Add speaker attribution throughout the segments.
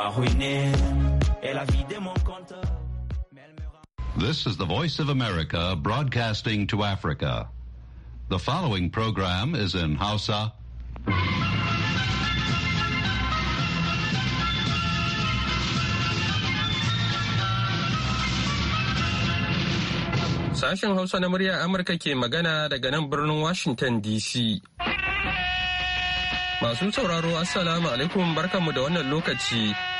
Speaker 1: m'a ruiné et la vie de mon compteur.
Speaker 2: This is the Voice of America broadcasting to Africa. The following program is in Hausa.
Speaker 3: Sashen Hausa na murya Amurka ke magana daga nan birnin Washington DC. Masu sauraro, Assalamu alaikum barkanmu da wannan lokaci.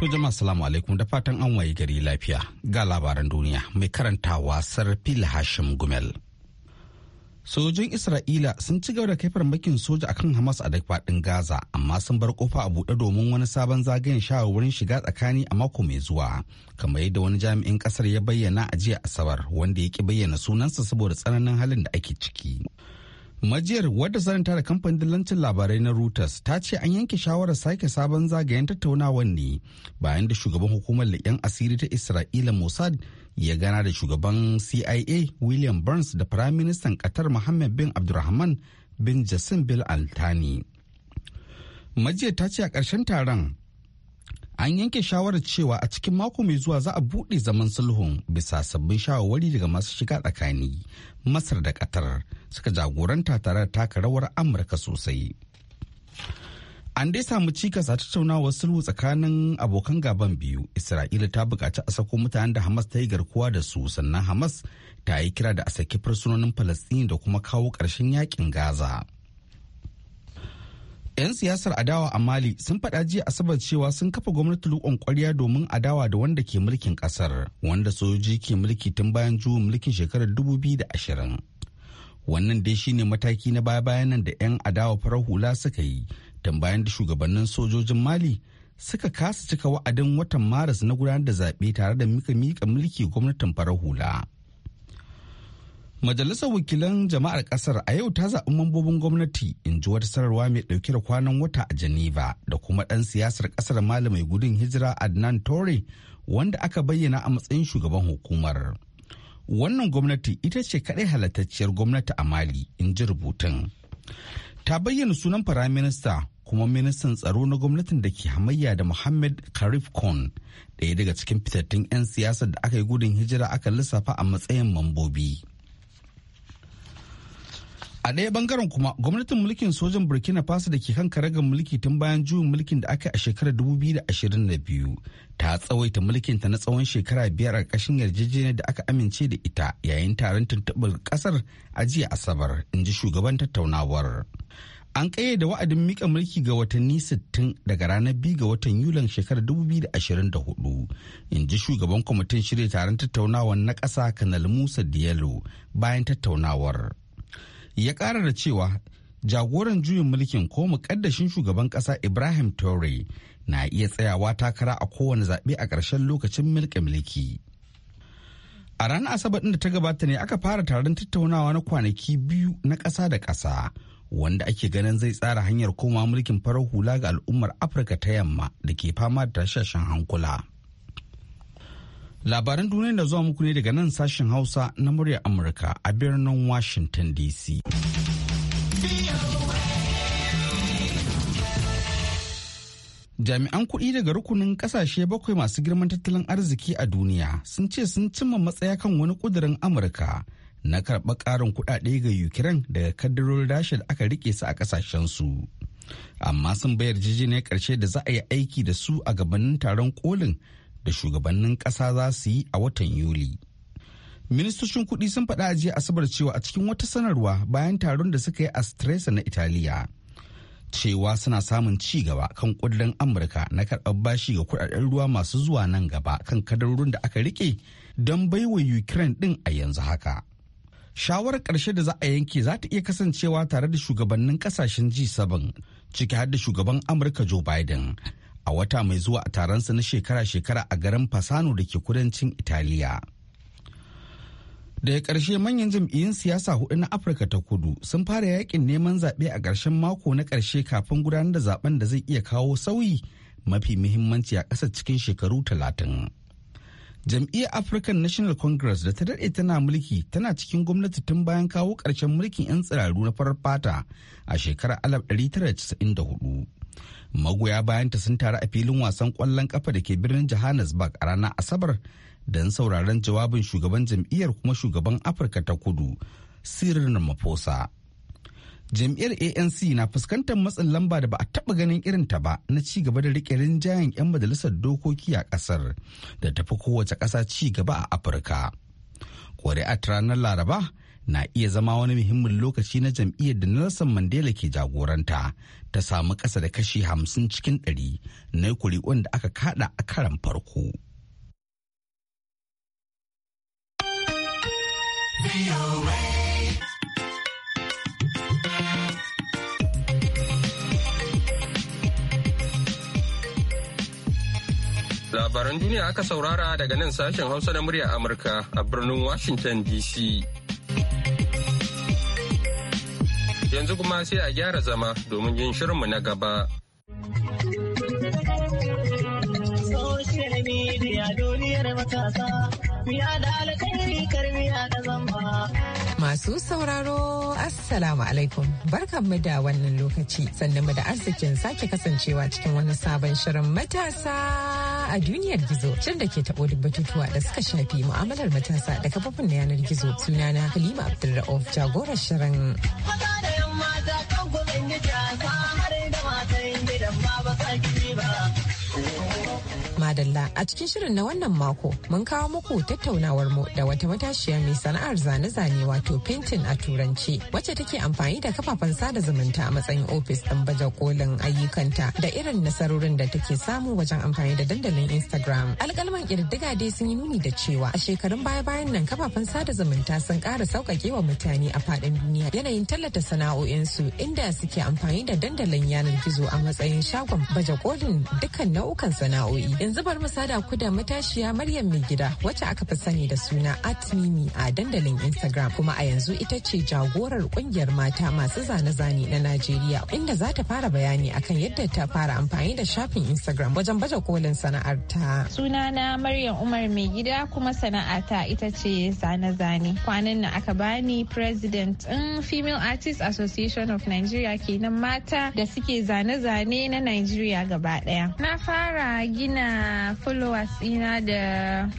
Speaker 4: To jama'a salamu alaikum da fatan an waye gari lafiya ga labaran duniya mai karanta karantawa fil hashim gumel. Sojojin Isra'ila sun ci gaba da kai farmakin soja akan Hamas a duk Gaza amma sun bar kofa a buɗe domin wani sabon zagayen shawarwarin shiga tsakani a mako mai zuwa kamar yadda wani jami'in ƙasar ya bayyana a jiya Asabar wanda ya ki bayyana sunansa saboda tsananin halin da ake ciki. majiyar wadda sanata da kamfanin dillancin labarai na reuters ta ce an yanke shawarar sake sabon zagayen tattaunawar ne bayan da shugaban hukumar leƙen asiri ta isra'ila mossad ya gana da shugaban cia william burns da firaministan qatar mohammed bin abdulrahman bin jassim bil altani majiyar ta ce a ƙarshen taron an yanke shawarar cewa a cikin mako mai zuwa za a buɗe zaman sulhun bisa sabbin shawarwari daga masu shiga tsakani masar da qatar suka jagoranta tare da taka rawar amurka sosai an dai samu cikas a tattaunawar sulhu tsakanin abokan gaban biyu isra'ila ta buƙaci a sako mutanen da hamas ta yi garkuwa da su sannan hamas ta yi kira da a saki fursunonin falastini da kuma kawo ƙarshen yakin gaza 'Yan siyasar adawa a Mali sun faɗa jiya Asabar cewa sun kafa gwamnati riƙon ƙwarya domin adawa da wanda ke mulkin ƙasar, wanda sojoji ke mulki tun bayan juyin mulkin shekarar 2020. Wannan dai shine mataki na baya-bayan nan da 'yan adawa farar hula suka yi, tun bayan da shugabannin sojojin Mali suka kasa cika wa'adin watan Maris na gudanar da zaɓe tare da mika mika mulki gwamnatin farar hula. Majalisar wakilan jama'ar ƙasar a yau ta zaɓi mambobin gwamnati in ji wata sanarwa mai ɗauke da kwanan wata a Geneva da kuma ɗan siyasar kasar malamai gudun hijira Adnan Tore wanda aka bayyana a matsayin shugaban hukumar. Wannan gwamnati ita ce kaɗai halattacciyar gwamnati a Mali in ji rubutun. Ta bayyana sunan Firaminista kuma ministan tsaro na gwamnatin da ke hamayya da Muhammad Karif Khan ɗaya daga cikin fitattun 'yan siyasar da aka yi gudun hijira aka lissafa a matsayin mambobi. a ɗaya bangaren kuma gwamnatin mulkin sojan burkina faso da ke kan karagar mulki tun bayan juyin mulkin da aka a shekarar biyu ta tsawaita mulkinta na tsawon shekara biyar a ƙashin yarjejeniyar da aka amince da ita yayin taron tuntuɓar ƙasar a jiya asabar in ji shugaban tattaunawar an da wa'adin mika mulki ga watanni 60 daga ranar 2 ga watan yulan shekarar hudu in ji shugaban kwamitin shirya taron tattaunawar na ƙasa kanal musa Diyalo bayan tattaunawar ya ƙara da cewa jagoran juyin mulkin ko mukaddashin shugaban Kasa ibrahim Traore na iya tsayawa takara a kowane zaɓe a ƙarshen lokacin milka mulki a ranar asabar ɗin da ta gabata ne aka fara taron tattaunawa na kwanaki biyu na ƙasa da ƙasa wanda ake ganin zai tsara hanyar koma mulkin farar hula ga al'ummar afirka ta yamma da ke fama da tashashen hankula. Labaran duniya da zuwa muku ne daga nan sashen Hausa na muryar Amurka a birnin Washington DC. Jami'an kuɗi daga rukunin ƙasashe bakwai masu girman tattalin arziki a duniya sun ce sun cimma matsaya kan wani ƙudurin Amurka na karɓa ƙarin kuɗaɗe ga Ukraine daga kaddarorin Rasha da aka rike su a ƙasashensu. Amma sun bayar jijiyar ƙarshe da za a yi aiki da su a gabanin taron kolin da shugabannin ƙasa za su yi a watan Yuli. Ministocin kuɗi sun faɗa a jiya Asabar cewa a cikin wata sanarwa bayan taron da suka yi a Stresa na Italiya. Cewa suna samun ci gaba kan kudin Amurka na karɓar bashi ga kuɗaɗen ruwa masu zuwa nan gaba kan kadarorin da aka rike don baiwa Ukraine ɗin a yanzu haka. shawarar ƙarshe da za a yanke za ta iya kasancewa tare da shugabannin kasashen G7 ciki har da shugaban Amurka Joe Biden a wata mai zuwa a taronsa na shekara-shekara a garin fasano da ke kudancin italiya daga ƙarshe manyan jam'iyyun siyasa hudu na afirka ta kudu sun fara yakin neman zaɓe a ƙarshen mako na ƙarshe kafin gudanar da zaben da zai iya kawo sauyi mafi muhimmanci a ƙasar cikin shekaru talatin jam'iyyar african national congress da ta daɗe tana mulki tana cikin gwamnati tun bayan kawo ƙarshen mulkin 'yan tsiraru na farar fata a shekarar 1994 magoya bayanta sun taru a filin wasan kwallon kafa da ke birnin johannesburg a ranar asabar don sauraron jawabin shugaban jam'iyyar kuma shugaban afirka ta kudu sirrin mafosa jam'iyyar anc na fuskantar matsin lamba da ba a taba ganin irin ta ba na ci gaba da rike rinjayen 'yan majalisar dokoki a kasar da tafi kowace ƙasa ci gaba a afirka a ranar laraba na iya zama wani muhimmin lokaci na jam'iyyar da Nelson Mandela ke jagoranta ta samu kasa da kashi hamsin cikin ɗari na kuri'un da aka kada a karan farko.
Speaker 3: Labaran duniya aka saurara daga nan sashen Hausa na murya Amurka a birnin Washington DC. Yanzu kuma sai a gyara zama domin yin shirinmu na gaba.
Speaker 5: Masu sauraro Assalamu alaikum barkanmu da wannan lokaci sannan mu da arzikin sake kasancewa cikin wani sabon shirin matasa a duniyar gizo cin da ke taɓo duk batutuwa da suka shafi mu'amalar matasa da kafofin yanar gizo sunana halima abdulra'uf jagorar shirin. Dalla a cikin shirin na wannan mako mun kawo muku tattaunawar mu da wata matashiya mai sana'ar zane-zane wato painting a turanci wacce take amfani da kafafen sada zumunta a matsayin ofis ɗin baje kolin ayyukanta da irin nasarorin da take samu wajen amfani da dandalin Instagram. Alƙalman ƙirdiga dai sun yi nuni da cewa a shekarun baya-bayan nan kafafen sada zumunta sun ƙara sauƙaƙe wa mutane a faɗin duniya yanayin tallata sana'o'insu inda suke amfani da dandalin yanar gizo a matsayin shagon baje kolin dukkan nau'ukan sana'o'i. Yanzu bar masada kuda da matashiya Maryam mai gida wacce aka fi sani da suna Atmimi a dandalin Instagram kuma a yanzu ita ce jagorar kungiyar mata masu zane-zane na Najeriya inda za ta fara bayani akan yadda ta fara amfani da shafin Instagram wajen baje kolin sana'arta.
Speaker 6: na Maryam Umar mai gida kuma ta ita ce zane-zane. Kwanan na aka bani president in Female Artists Association of Nigeria kenan mata da suke zane-zane na Nigeria gaba daya. Na fara gina followers ina da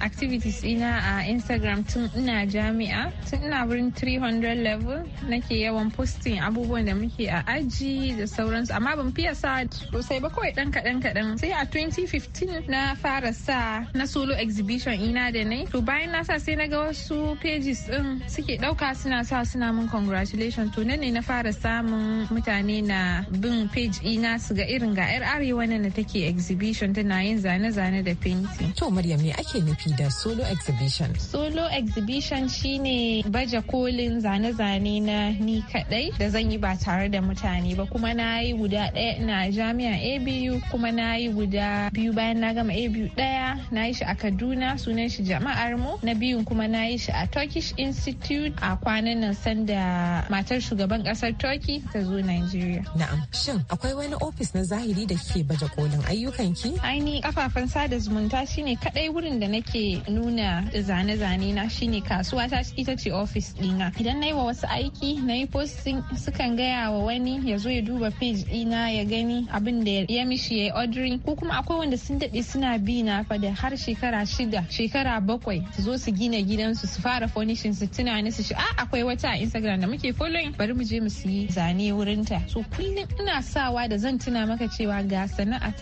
Speaker 6: activities ina a instagram tun ina jami'a tun ina wurin 300 level nake yawan posting abubuwan da muke a aji da sauransu amma ban fiye sa sosai ba kawai dan kaɗan kaɗan sai a 2015 na fara sa na solo exhibition ina da nai to bayan na sa sai na ga wasu pages din suke ɗauka suna sa suna mun congratulation to nan ne na fara samun mutane na bin page ina su ga irin ga yar arewa na da take exhibition tana yin zane-zane na da fenti. To Maryam
Speaker 5: me ake nufi da solo exhibition?
Speaker 6: Solo exhibition shine baje kolin zane-zane na ni kadai da zan yi ba tare da mutane ba kuma na yi guda ɗaya na jami'a ABU kuma na yi guda biyu bayan na gama ABU ɗaya na yi shi a Kaduna sunan shi jama'ar mu na biyun kuma na yi shi a Turkish Institute a kwanan nan sanda matar shugaban ƙasar Turkey ta zo nigeria. Na'am shin akwai wani ofis na zahiri da ke baje kolin ayyukan ki? Ai ni kafafen kafafen sada zumunta shine kadai wurin da nake nuna zane-zane na shine kasuwa ta ita ce ofis dina idan na yi wa wasu aiki na yi posting sukan gaya wa wani ya zo ya duba page dina ya gani abin da ya mishi ya yi ordering ko kuma akwai wanda sun daɗe suna bi na fa da har shekara shida shekara bakwai su zo su gina gidansu su fara furnishing su tunani su shi a ah, akwai wata a instagram da muke following bari mu je mu siyi zane wurinta so kullum ina sawa da zan tuna maka cewa ga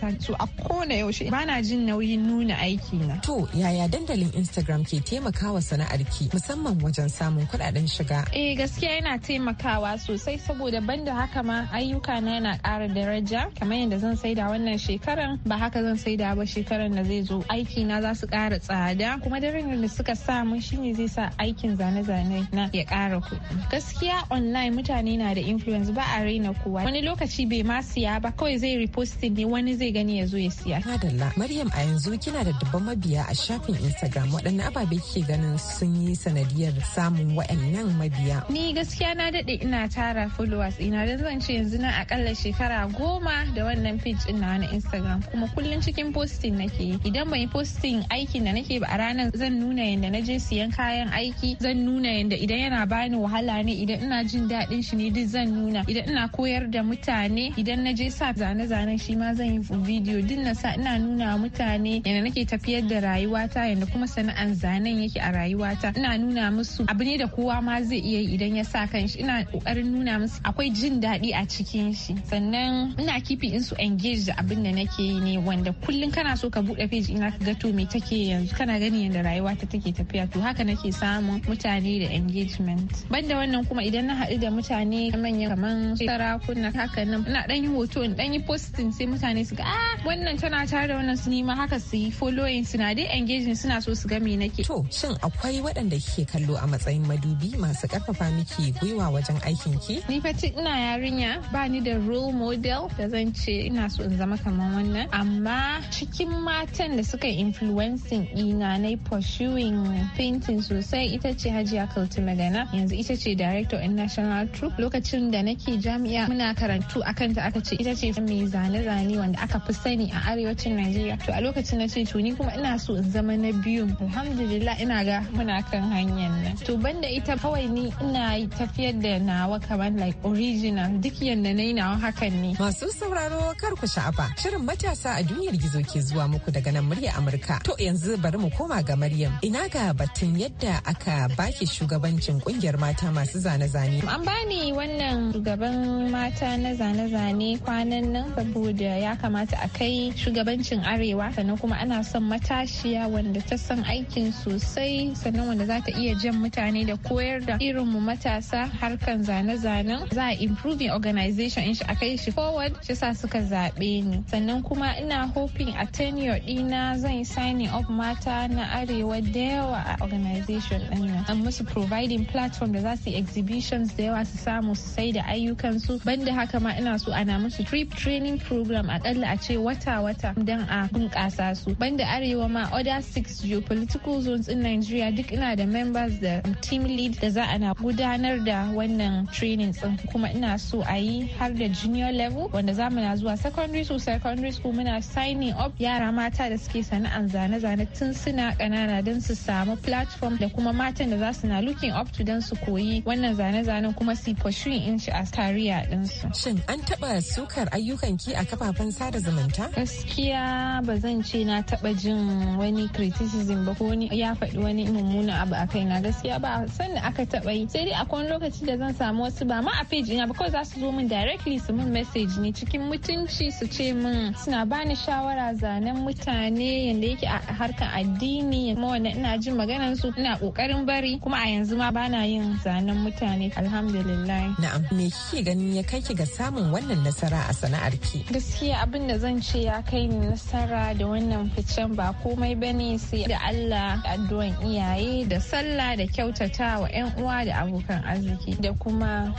Speaker 6: ta so a kona yaushe ba na jin jin nauyin nuna aiki na.
Speaker 5: To yaya dandalin Instagram ke taimakawa sana'arki musamman wajen samun kuɗaɗen shiga?
Speaker 6: Eh gaskiya yana taimakawa sosai saboda banda haka ma ayyuka na yana ƙara daraja kamar yadda zan saida wannan shekaran ba haka zan saida ba shekaran da zai zo aiki na za su ƙara tsada kuma darajar da suka sa mun shine zai sa aikin zane-zane na ya ƙara kuɗi. Gaskiya online mutane na da influence ba a raina kowa wani lokaci bai ma siya ba kawai zai reposting ne wani zai gani ya zo ya
Speaker 5: siya. Madalla Maryam Miriam a yanzu kina da dubban mabiya a shafin instagram waɗanne ababe kike ganin sun yi sanadiyar samun wa'annan mabiya
Speaker 6: ni gaskiya na daɗe ina tara followers ina don zan ce yanzu na akalla shekara goma da wannan page ɗin na wani instagram kuma kullum cikin posting nake idan ban yi posting aikin da nake ba a ranar zan nuna yadda na je siyan kayan aiki zan nuna yadda idan yana bani wahala ne idan ina jin daɗin shi ne duk zan nuna idan ina koyar da mutane idan na je sa zane-zanen shi ma zan yi video duk na sa ina nuna mutane mutane yana nake tafiyar da rayuwata yanda kuma sana'an zanen yake a rayuwata ina nuna musu abu ne da kowa ma zai iya yi idan ya sa kanshi ina kokarin nuna musu akwai jin daɗi a cikin shi sannan ina kifi in su engage da abin da nake yi ne wanda kullum kana so ka buɗe page ina ka ga to me take yanzu kana gani yanda rayuwata take tafiya to haka nake samun mutane da engagement banda wannan kuma idan na haɗu da mutane manyan kaman sarakuna haka nan ina dan yi hoto in dan yi posting sai mutane su ga ah wannan tana tare da wannan su ma haka su yi following suna dai engaging suna so su ga nake. To shin
Speaker 5: akwai waɗanda kike kallo a matsayin madubi masu karfafa miki gwiwa wajen aikin
Speaker 6: ki? Ni fa ina yarinya ba ni da role model da zan ce ina so in zama kamar wannan amma cikin matan da suka influencing ina na pursuing painting sosai ita ce Hajiya Kalti Magana yanzu ita ce director in National Troupe lokacin da nake jami'a muna karantu akan ta aka ce ita ce mai zane-zane wanda aka fi sani a arewacin Najeriya to a lokacin na ce to ni kuma ina so in zama na biyu alhamdulillah ina ga muna kan hanyar nan to banda ita kawai ni ina tafiyar da nawa kamar like original duk yadda na yi nawa hakan ne masu sauraro
Speaker 5: kar ku sha'afa shirin matasa a duniyar gizo ke zuwa muku daga nan murya amurka to yanzu bari mu koma ga maryam ina ga batun yadda aka baki shugabancin kungiyar mata masu zane-zane an
Speaker 6: bani wannan shugaban mata na zane-zane kwanan nan saboda ya kamata a kai shugabancin arewa sannan kuma ana son matashiya wanda ta san aikin sosai sannan wanda za ta iya jan mutane da koyar da irin mu matasa harkan zane-zanen za a improving organization in shi a kai shi forward shi sa suka zaɓe ni sannan kuma ina hoping a tenure dina zan signing up mata na arewa da yawa a organization ɗin nan an musu providing platform da za su yi exhibitions da yawa su samu su sai da ayyukansu banda haka ma ina so ana musu trip training program akalla a ce wata-wata don a bunƙasa bunƙasa su banda arewa ma other six geopolitical zones in Nigeria duk ina da members da team lead da za a na gudanar da wannan training din kuma ina so a yi har da junior level wanda za mu na zuwa secondary school secondary school muna signing up yara mata da suke sana'an zane-zane tun suna kanana don su samu platform da kuma matan da za su na looking up to don su koyi wannan zane-zanen kuma su pursuing in shi a career ɗinsu. Shin an taɓa sukar ayyukan ki a kafafen sada zumunta? Gaskiya ba ba zan ce na taba jin wani criticism ba ko wani ya faɗi wani mummuna abu a kai na gaskiya ba san aka taba yi sai dai akwai wani lokaci da zan samu wasu ba ma a page ina ba kawai za su zo min directly su min message ne cikin mutunci su ce min suna bani shawara zanen mutane yanda yake a harka addini kuma wannan ina jin maganan su ina kokarin bari kuma a yanzu ma bana yin zanen mutane alhamdulillah na'am
Speaker 5: me kike ganin ya kai ki ga samun wannan nasara a sana'arki
Speaker 6: gaskiya abin da zan ce ya kai ni nasara da wannan ficen ba komai bane sai da Allah addu'an iyaye da sallah da kyautata wa 'yan uwa da abokan arziki da kuma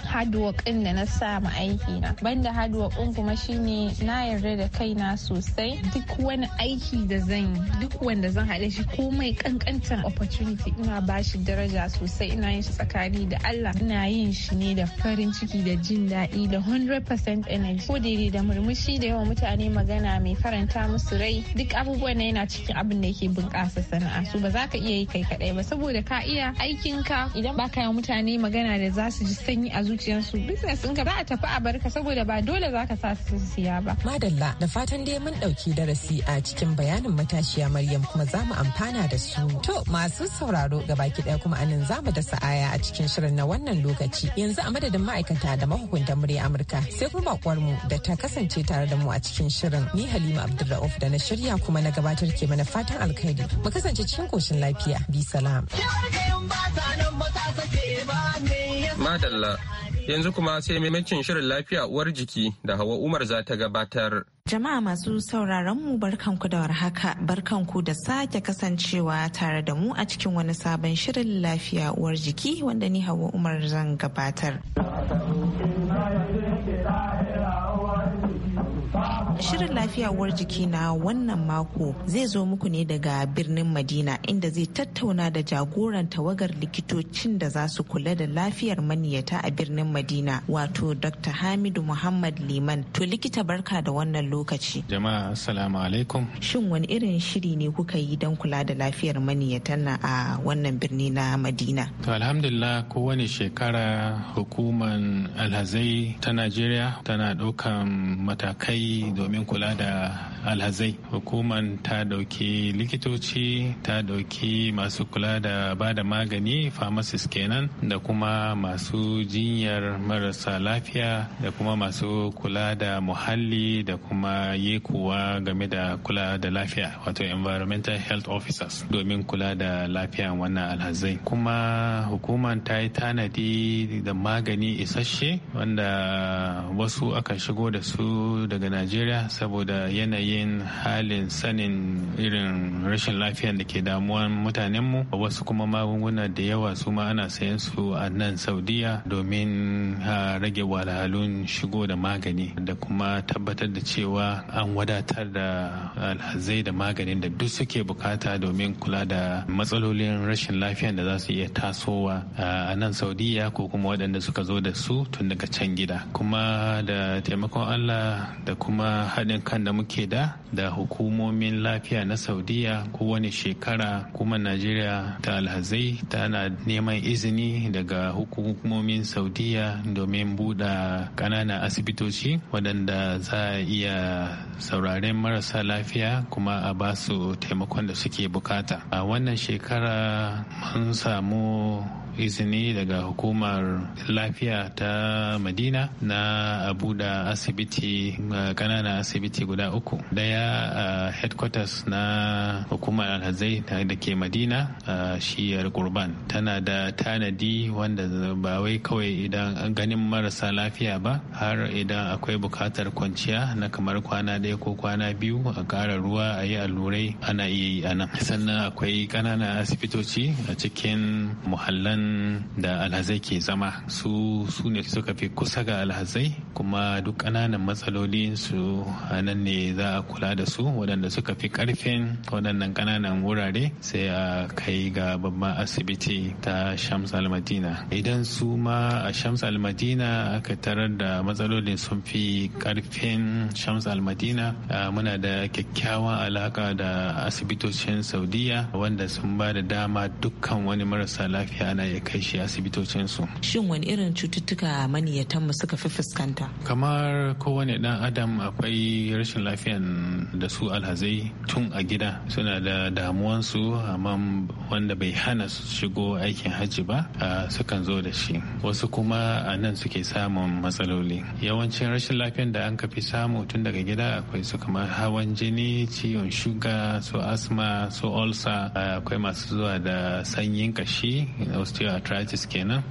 Speaker 6: in da na sa ma aiki na banda in kuma shine na yarda da kaina sosai duk wani aiki da zan yi duk wanda zan haɗa shi komai kankantan opportunity ina bashi daraja sosai ina yin shi tsakani da Allah ina yin shi ne da farin ciki da jin daɗi da 100% energy ko da da murmushi da yawa mutane magana mai faranta musu rai duk abubuwan na yana cikin abin da yake bunƙasa sana'a su ba za ka iya yi kai kaɗai ba saboda ka iya aikin ka idan ba ka yi mutane magana da za su ji sanyi a zuciyarsu business ɗinka za a tafi a barka saboda ba dole za ka sa su siya ba.
Speaker 5: Madalla da fatan dai mun ɗauki darasi a cikin bayanin matashiya Maryam kuma za mu amfana da su. To masu sauraro baki ɗaya kuma anan za mu da sa'aya a cikin shirin na wannan lokaci yanzu a madadin ma'aikata da mahukuntan murya Amurka sai kuma bakwar da ta kasance tare da mu a cikin shirin ni Halima Abdulrauf da na shirya kuma na gabatar ke mana fatan alkhairi mu kasance cikin koshin lafiya bi salam madalla
Speaker 3: yanzu kuma sai maimakin shirin lafiya uwar jiki da hawa umar za ta gabatar
Speaker 2: Jama'a masu sauraron mu barkanku da warhaka barkanku da sake kasancewa tare da mu a cikin wani sabon shirin lafiya uwar jiki wanda ni Hauwa Umar zan gabatar. Shirin lafiya war jiki na wannan mako zai zo muku ne daga birnin Madina inda zai tattauna da jagoran tawagar likitocin da za su kula da lafiyar maniyata a birnin Madina wato Dr. Hamidu Muhammad Liman. To likita barka da wannan lokaci. Jama'a assalamu alaikum. Shin wani irin shiri ne kuka yi don kula da lafiyar maniyata na a wannan birni na Madina?
Speaker 7: To alhamdulillah kowane shekara hukumar alhazai ta Najeriya tana ɗaukan matakai domin kula da alhazai hukuman ta dauki likitoci ta dauki masu kula da ba da magani pharmacists kenan da kuma masu jinyar marasa lafiya da kuma masu kula da muhalli da kuma yekuwa game da kula da lafiya wato environmental health officers domin kula da lafiya wannan alhazai kuma hukuman ta yi tanadi da magani isasshe wanda wasu aka shigo da su daga najeriya saboda yanayin halin sanin irin rashin lafiyar da ke damuwan mutanenmu wasu kuma magunguna da yawa su ma ana sayan su a nan saudiya domin rage walhalun shigo da magani da kuma tabbatar da cewa an wadatar da alhazai da maganin da duk suke bukata domin kula da matsalolin rashin lafiyar da za su iya tasowa a nan saudiya ko kuma waɗanda suka zo da su tun daga can gida kuma da taimakon allah da kuma haɗin kan da muke da da hukumomin lafiya na saudiya kowane shekara kuma najeriya ta alhazai tana neman izini daga hukumomin saudiya domin buɗe ƙananan asibitoci waɗanda za a iya sauraren marasa lafiya kuma a ba su taimakon da suke bukata a wannan shekara mun samu izini daga hukumar lafiya ta madina na da asibiti kanana asibiti guda uku daya a headquarters na hukumar alhazai da ke madina a shiyar kurban tana da tanadi wanda ba wai kawai idan ganin marasa lafiya ba har idan akwai bukatar kwanciya na kamar kwana ɗaya ko kwana biyu a ƙara ruwa a yi allurai ana iya yi a nan sannan akwai ƙananan asibitoci a cikin muhallan da alhazai ke zama su su ne suka fi kusa ga alhazai kuma duk ƙananan matsaloli su nan ne za a kula da su waɗanda suka fi ƙarfin waɗannan ƙananan wurare sai a kai ga babban asibiti ta shams almadina idan su ma a shams almadina aka tarar da matsalolin sun fi ƙarfin shams almadina muna da kyakkyawan alaƙa da asibitocin saudiya wanda sun ba da dama dukkan wani marasa lafiya ana ya kai shi asibitocinsu. Shin wani
Speaker 2: irin cututtuka maniyatan mu suka fi fuskanta?
Speaker 7: Kamar kowane dan adam akwai rashin lafiyan da su alhazai tun a gida suna da damuwansu amma wanda bai hana su shigo aikin hajji ba sukan zo da shi. Wasu kuma a nan suke samun matsaloli. Yawancin rashin lafiyan da an kafi samu tun daga gida akwai su kamar hawan jini, ciwon shuga, su asma, su olsa, akwai masu zuwa da sanyin kashi, arthritis kenan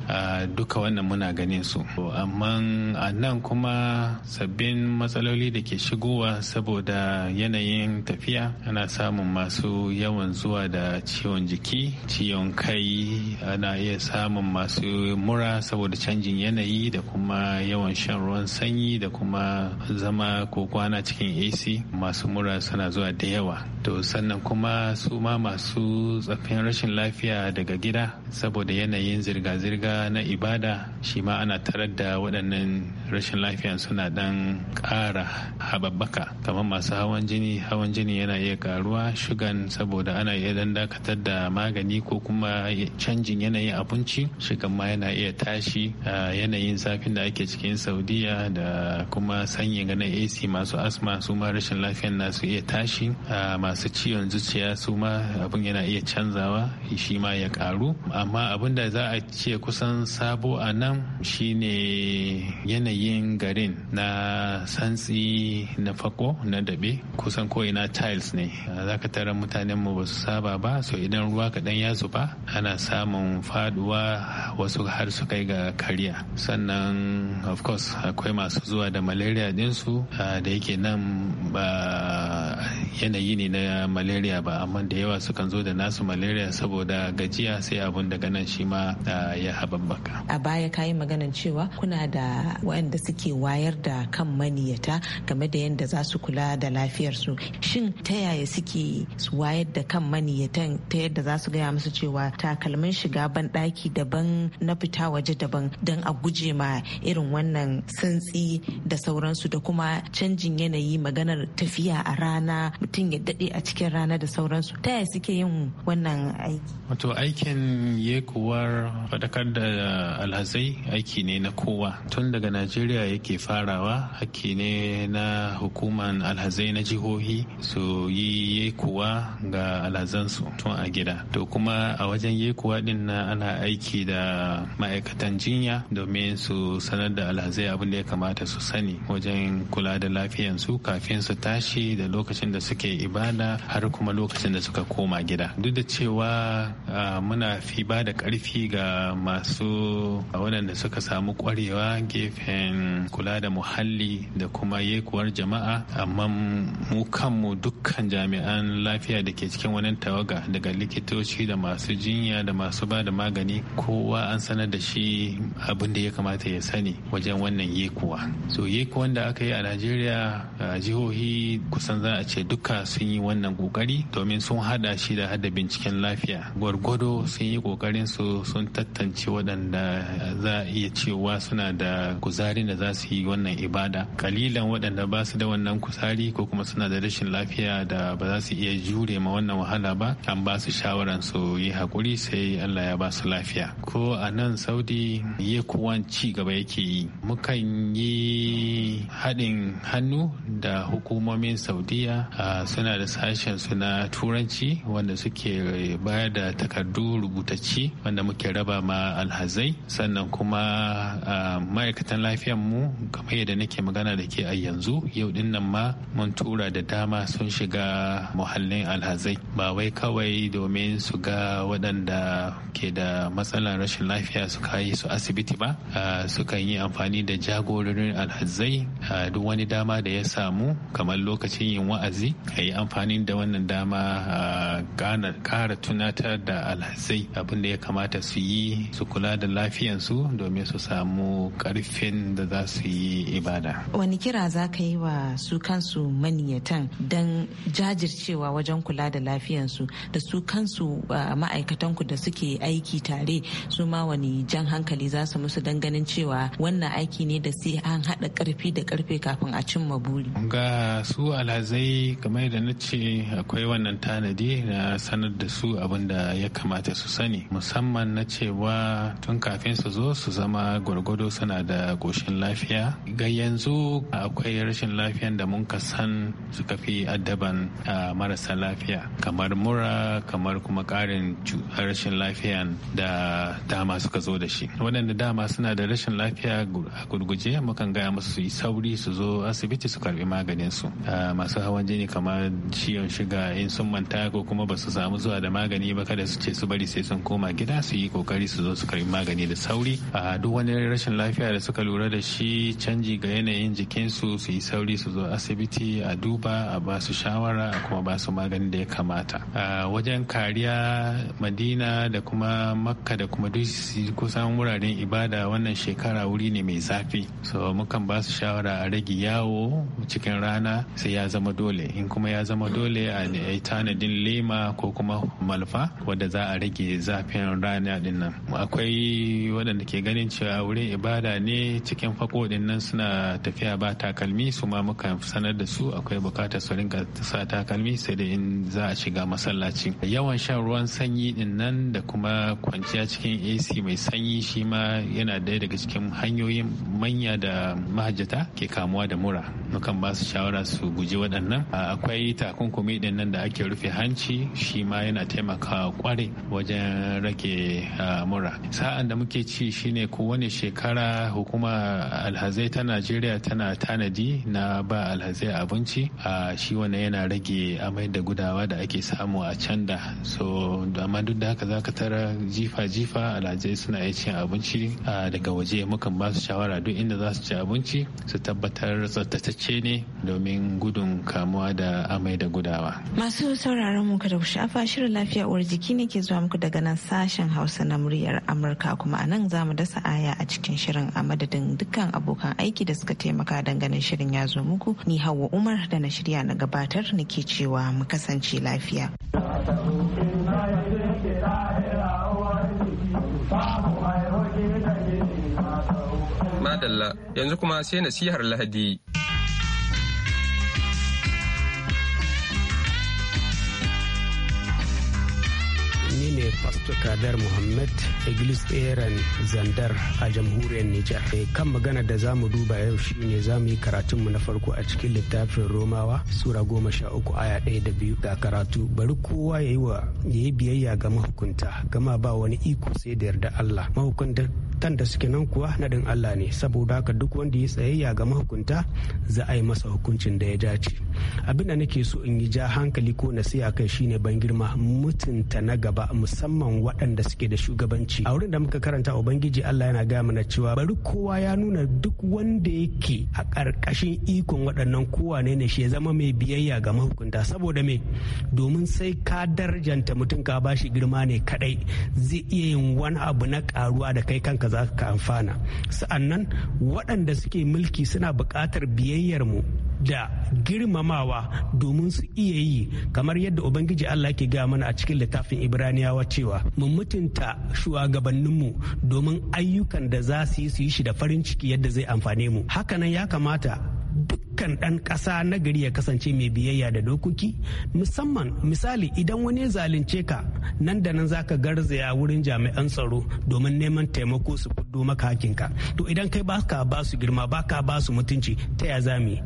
Speaker 7: duka wannan muna ganin su amma a nan kuma sabbin matsaloli da ke shigowa saboda yanayin tafiya ana samun masu yawan zuwa da ciwon jiki ciwon kai ana iya samun masu mura saboda canjin yanayi da kuma yawan shan ruwan sanyi da kuma zama ko kwana cikin ac masu mura suna zuwa da yawa to sannan kuma su ma masu tsafin rashin lafiya daga gida saboda yanayin zirga-zirga na ibada shi ma ana tarar da waɗannan rashin lafiya suna dan ƙara hababbaka kamar masu hawan jini hawan jini yana iya karuwa shugan saboda ana iya dan dakatar da magani ko kuma canjin yanayin abinci shugan ma yana iya tashi yanayin zafin da ake cikin saudiya da kuma sanyi ganin ac masu asma su ma rashin lafiyan nasu iya tashi masu ciwon zuciya su ma abin yana iya canzawa shi ma ya karu amma abin da za a ce kusan sabo a nan shine yanayin yanayin garin na santsi na fako na dabe kusan ko'ina tiles ne za ka tara mutanen mu ba su saba ba so idan ruwa kaɗan ya zuba ana samun faduwa wasu har su kai ga kariya sannan of course akwai masu zuwa da malaria ɗinsu da yake nan ba yanayi ne na malaria ba amma da yawa sukan zo da nasu malaria saboda gajiya sai abun daga nan shi ma ya habambaka
Speaker 2: a baya kayi maganan cewa kuna da waɗanda suke wayar da kan maniyata game da yadda za su kula da lafiyarsu shin ta yaya suke wayar da kan maniyatan ta yadda za su gaya musu cewa takalmin shiga ban ɗaki daban na fita waje daban don a guje ma irin wannan santsi da sauransu da kuma canjin yanayi maganar tafiya a rana mutum ya daɗe a cikin rana da sauransu ta yaya suke yin wannan aiki
Speaker 7: wato aikin yekuwar faɗakar da alhazai aiki ne na kowa tun daga najeriya yake farawa aiki ne na hukuman alhazai na jihohi su yi yekuwa ga alhazansu tun a gida to kuma a wajen yekuwa din na ana aiki da ma'aikatan jinya domin su sanar da alhazai abin da ya kamata su sani wajen kula da lafiyansu kafin su tashi da lokacin da suke suke ibada har kuma lokacin da suka koma gida duk da cewa muna fi ba da karfi ga masu waɗanda suka samu kwarewa gefen kula da muhalli da kuma yekuwar jama'a amma mu kanmu dukkan jami'an lafiya da ke cikin wani tawaga daga likitoci da masu jinya da masu ba da magani kowa an sanar da shi abin da ya kamata ya sani wajen wannan yekuwa so yekuwan da aka yi a najeriya a jihohi kusan za a ce duk duka sun yi wannan kokari domin sun hada shi da hada binciken lafiya gwargwado sun yi kokarin su sun tantance waɗanda za a iya cewa suna da kuzarin da za su yi wannan ibada kalilan waɗanda ba su da wannan kuzari ko kuma suna da rashin lafiya da ba za su iya jure ma wannan wahala ba an ba su shawaran su yi hakuri sai Allah ya ba su lafiya ko a nan saudi ya kuwan ci gaba yake yi mukan yi haɗin hannu da hukumomin saudiya a suna da sashen su na turanci wanda suke bayar da takardu rubutacci wanda muke raba ma alhazai sannan kuma ma'aikatan lafiyan mu kamar yadda nake magana da ke a yanzu yau din nan ma mun tura da dama sun shiga muhallin alhazai ba wai kawai domin su ga waɗanda ke da matsalar rashin lafiya su kayi su asibiti ba sukan yi amfani da jagororin alhazai duk wani dama da ya samu kamar lokacin yin wa'azi a yi amfani da wannan dama a Kara tunatar da alhazai abin da ya kamata su yi su kula da lafiyansu domin su samu karfin da za su yi ibada.
Speaker 2: Wani kira za ka yi wa su kansu maniyatan don jajircewa wajen kula da lafiyansu da su kansu ma'aikatanku da suke aiki tare su ma wani jan hankali za su musu don ganin cewa wannan aiki ne da sai an haɗa karfi da karfe kafin a cimma buri.
Speaker 7: Ga su alhazai kamar da na ce akwai wannan tanadi na sanar da su abin da ya kamata su sani musamman na cewa tun kafin su zo su zama gwargwado suna da goshin lafiya ga yanzu akwai rashin lafiyan da mun ka san suka fi addaban marasa lafiya kamar mura kamar kuma karin rashin lafiyan da dama suka zo da shi waɗanda dama suna da rashin lafiya a gurguje mukan gaya masu su sauri su zo asibiti su karbi maganinsu su masu hawan jini kamar ciwon shiga in sun manta ko kuma ba su samu zuwa da magani ba kada su ce su bari sai sun koma gida su yi kokari su zo su karbi magani da sauri a duk wani rashin lafiya da suka lura da shi canji ga yanayin jikinsu su yi sauri su zo asibiti a duba a ba su shawara a kuma ba su magani da ya kamata a wajen kariya madina da kuma makka da kuma duk kusan wuraren ibada wannan shekara wuri ne mai zafi so mukan ba su shawara a rage yawo cikin rana sai ya zama dole in sannan kuma ya zama dole a yi tanadin lema ko kuma malfa wadda za a rage zafin rana din nan akwai waɗanda ke ganin cewa wurin ibada ne cikin fako nan suna tafiya ba takalmi su ma muka sanar da su akwai bukatar su rinka sa takalmi sai da in za a shiga masallaci yawan shan ruwan sanyi din nan da kuma kwanciya cikin ac mai sanyi shi ma yana daya daga cikin hanyoyin manya da mahajjata ke kamuwa da mura mukan ba su shawara su guji waɗannan a akwai takunkumi din nan da ake rufe hanci shi ma yana taimakawa kwarai wajen rage ah, mura sa'an da muke ci shine kowane shekara hukuma alhazai ta najeriya tana tanadi na ba alhazai abinci a ah, shi wannan yana rage amai da gudawa da ake samu a can da so amma duk da haka za ka tara jifa-jifa alhazai suna iya cin abinci ah, daga waje mukan ba su shawara duk inda za su ci abinci su tabbatar tsaftatacce ne domin gudun kamuwa da da amai da gudawa.
Speaker 2: Masu sauraron mu kada ku shafa shirin lafiya uwar jiki ne ke zuwa muku daga nan sashen Hausa na muryar Amurka kuma a nan za mu dasa aya a cikin shirin a madadin dukkan abokan aiki da suka taimaka ganin shirin ya zo muku ni Hauwa Umar da na shirya na gabatar nake cewa mu kasance lafiya.
Speaker 3: Madalla yanzu kuma sai nasihar Lahadi.
Speaker 1: ni ne Pastor Kadar Muhammad Iglis Eren Zandar a jamhuriyar Nijar. Eh, kan magana da za mu duba yau shi ne za mu yi karatunmu na farko a cikin littafin Romawa Sura goma sha uku aya ɗaya da biyu ga karatu bari kowa ya yi ya yi biyayya ga mahukunta gama ba wani iko sai da yarda Allah. Mahukunta kan da suke nan kuwa naɗin Allah ne saboda haka duk wanda ya tsayayya ga mahukunta za a yi masa hukuncin da ya jace abin da nake so in yi ja hankali ko nasiha kai shine ban girma mutunta na gaba musamman waɗanda suke da shugabanci a wurin da muka karanta ubangiji Allah yana gaya mana cewa bari kowa ya nuna duk wanda yake a ƙarƙashin ikon waɗannan kowa ne ne shi ya zama mai biyayya ga mahukunta saboda me domin sai ka darjanta mutum ka bashi girma ne kadai zai iya yin wani abu na karuwa da kai kanka ka za ka amfana sa'annan waɗanda suke mulki suna buƙatar biyayyar mu da girmamawa domin su iya yi kamar yadda ubangiji Allah ke gaya mana a cikin littafin ibraniyawa cewa mu mutunta shugabanninmu domin ayyukan da za su yi su yi shi da farin ciki yadda zai amfane mu hakanan ya kamata dukkan ɗan ƙasa na gari ya kasance mai biyayya da dokoki musamman misali idan wani ya zalunce ka nan da nan zaka garzaya wurin jami'an tsaro domin neman taimako su fuddo maka hakinka to idan kai baka ba su girma baka ba su mutunci ta ya zami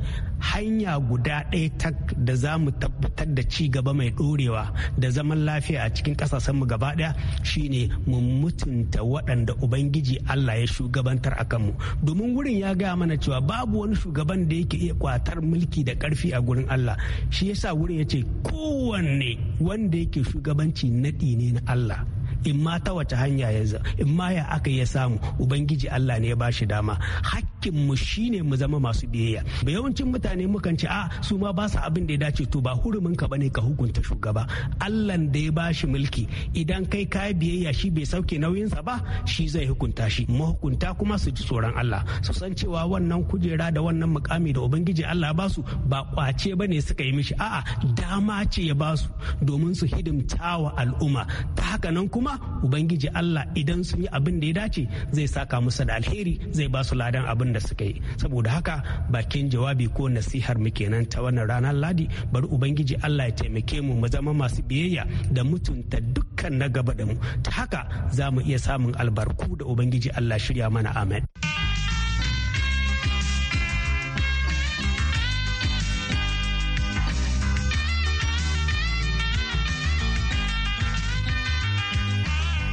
Speaker 1: hanya guda ɗaya ta da za mu tabbatar da ci gaba mai ɗorewa da zaman lafiya a cikin ƙasashenmu gaba ɗaya shine mu mutunta waɗanda ubangiji Allah ya shugabantar a kanmu domin wurin ya gaya mana cewa babu wani shugaban da yake iya kwatar mulki da ƙarfi a gurin Allah shi yasa wurin ya ce kowanne wanda yake shugabanci naɗi ne na Allah in ma ta wata hanya ya in ma ya aka ya samu ubangiji Allah ne ya bashi dama hakkin mu shine mu zama masu biyayya ba yawancin mutane mukan ce a su ma ba su abin da ya dace to ba hurumin ka bane ka hukunta shugaba Allah da ya bashi mulki idan kai ka biyayya shi bai sauke nauyin sa ba shi zai hukunta shi mahukunta kuma su ji tsoron Allah su san cewa wannan kujera da wannan mukami da ubangiji Allah ba su ba kwace bane suka yi mishi a'a dama ce ya ba su domin su hidimta wa al'umma ta haka nan kuma kuma ubangiji allah idan sun yi abin da ya dace zai saka musu da alheri zai ba su ladan abin da suka yi saboda haka bakin jawabi ko nasihar mu kenan ta wannan ranar ladi bari ubangiji allah ya taimake mu mu zama masu biyayya da mutunta dukkan na gaba da mu ta haka za mu iya samun albarku da ubangiji allah shirya mana amen.